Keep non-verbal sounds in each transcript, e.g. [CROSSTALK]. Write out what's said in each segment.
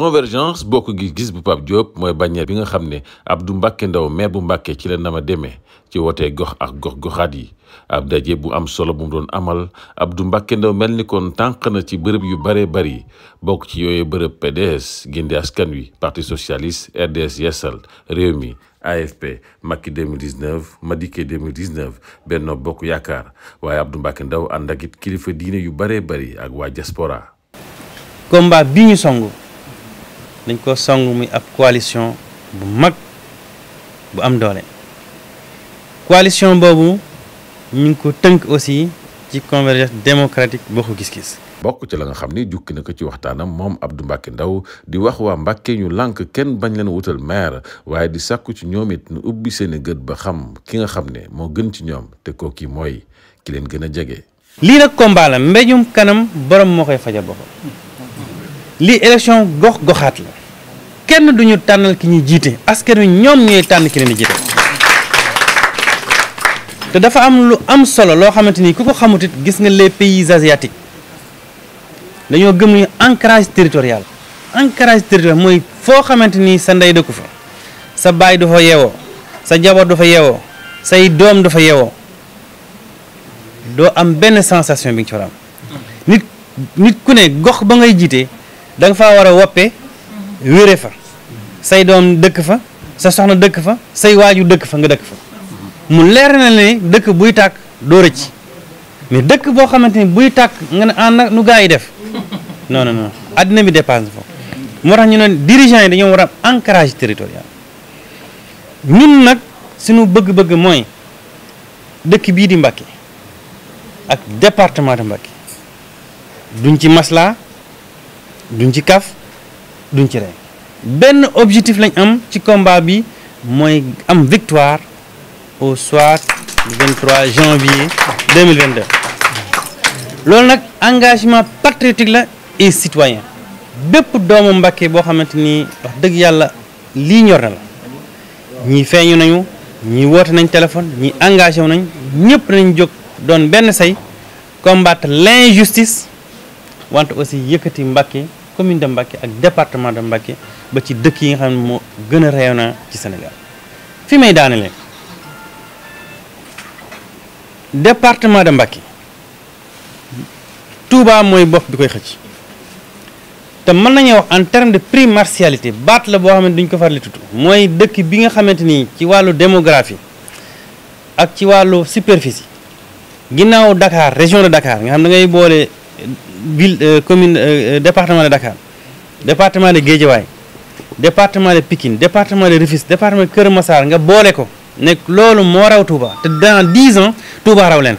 convergence bokk gis-gis bu Pape Diop mooy bannière bi nga xam ne du Mbacke Ndaw maire bu Mbacke ci la nama demee ci wotee gox ak gox goxaat yi ab daje bu am solo bu mu doon amal Abdou Mbacke Ndaw mel ni kon tànq na ci bërëb yu bëree bëri bokk ci yooyu bërëb PDS Ginde Askan Wi Parti Socialiste RDS Yessal Rewmi AFP Macky 2019 Madické 2019 Benno Bokk Yaakaar waaye Abdou Mbacke Ndaw ànd ak it kilifa diine yu bëree bëri ak waa diaspora combat bi ñu song dañ ko song muy ab coalition bu mag bu am doole coalition boobu ñu ngi ko tënk aussi ci convergence démocratique ko gis-gis bokk ci la nga xam ni jukki na ko ci waxtaanam moom Abdou Mbacke Ndaw di wax waa Mbacke ñu lànk kenn bañ leen wutal maire waaye di sàkku ci ñoom it nu ubbi seen i gët ba xam ki nga xam ne moo gën ci ñoom te kooki mooy ki leen gën a jege. lii nag combat la mbéjum kanam borom moo koy faja boppam lii élection gox goxaat la kenn ñu tànnal ki ñuy jiite askan wi ñoom ñooy tànn ki leen di jiite te dafa am lu am solo loo xamante ni ku ko xamut it gis nga lee pays asiatiques dañoo gëm ñu ancrage territorial ancrage territorial mooy foo xamante ni sa ndey dëkku fa sa baay du fa yeewoo sa jabar du fa yeewoo say doom du fa yeewoo doo am benn sensation bi nga ci war am nit nit ku ne gox ba ngay jiite. danga fa faa war a woppe wére fa say doom dëkk fa sa soxna dëkk fa say waaju dëkk fa nga dëkk fa mu leer na ne dëkk buy tàkk doo rëcc mais dëkk boo xamante ni buy tàkk nga ne ànd ah, nu gaa yi def [LAUGHS] non non non addina bi dépense foofu moo ñu ne dirigeant yi dañoo war a am ancrage territorial ñun nag suñu bëgg-bëgg mooy dëkk bii di Mbàkke ak département de Mbàkke duñ ci maslaa duñ ci kaf duñ ci rey benn objectif lañ am ci combat bi mooy am victoire au soir du 23 janvier 2022 loolu nag engagement patriotique la et bépp doomu Mbàkke boo xamante ni dëgg yàlla lii ñor na la ñi nañu ñi woote nañ téléphone ñi engagé nañ ñëpp nañ jóg doon benn say combattre l'injustice wante aussi yëkkati Mbàkke commune de Mbacké ak département de Mbacké ba ci dëkk yi nga xam ne moo gën a rayonnant ci Sénégal fii may daanale département de Mbacké Touba mooy bopp bi koy xëcc te mën nañoo wax en terme de primatialité baat la boo xam ne duñ ko farli tutu mooy dëkk bi nga xamante ni ci wàllu démographie ak ci wàllu superficie ginnaaw Dakar région de Dakar nga xam da ngay boole ville euh, commune euh, euh, département de Dakar département de Guédiawaye département de Pikine département de Rufisque département de Kër Massar nga boole ko ne loolu moo raw Touba te dans dix ans Touba raw leen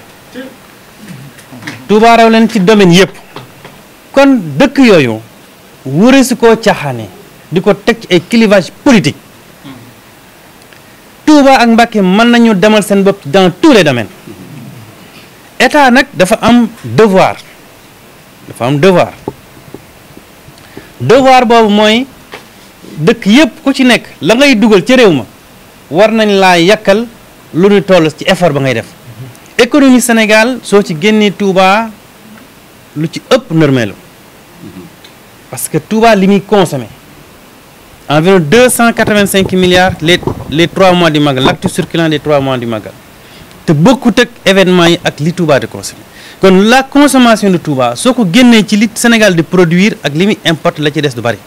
Touba raw leen ci domaine yëpp kon dëkk yooyu wuri si caaxaane di ko teg ci ay clivage politique Touba ak Mbacké mën nañu demal seen bopp dans tous les domaines état nag dafa am devoir dafa am devoir devoir boobu mooy dëkk yépp ku ci nekk la ngay dugal ci réew ma war nañ laa yàkkal lu ñu toll ci effort ba ngay def économie Sénégal soo ci génnee Touba lu ci ëpp normelu parce que Touba li muy consommé environ deux cent quatre-vingt-cinq milliards les les trois mois du magal l'actif circulant des trois mois du magal te bokkut ak événement yi ak li Touba de consommé kon la consommation de Touba soo ko génnee ci li Sénégal de produire ak li importe la ci de du bari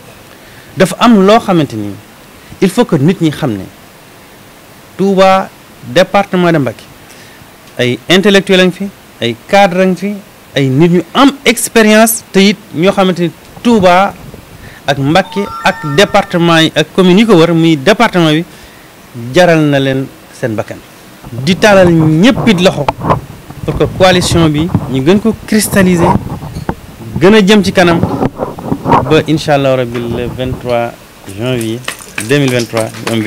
dafa am maintenir. il faut que nit ñi xam ne Touba département de Mbacké ay intellectuel lañ fi ay cadre lañ fi ay nit ñu am expérience te it ñoo xamante ni Touba ak Mbacké ak département yi ak commune yi ko wër muy département bi jaral na leen seen bakkan di taalal loxo pour que coalition bi ñu gën ko cristalliser gën a jëm ci kanam ba incha allah rabi le 23 janvier 2023 ñu am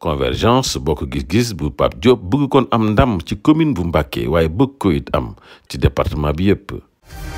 convergence bokk gis-gis bu Pape Diop bëgg kon am ndam ci commune bu Mbacké waaye bëgg ko it am ci département bi yëpp.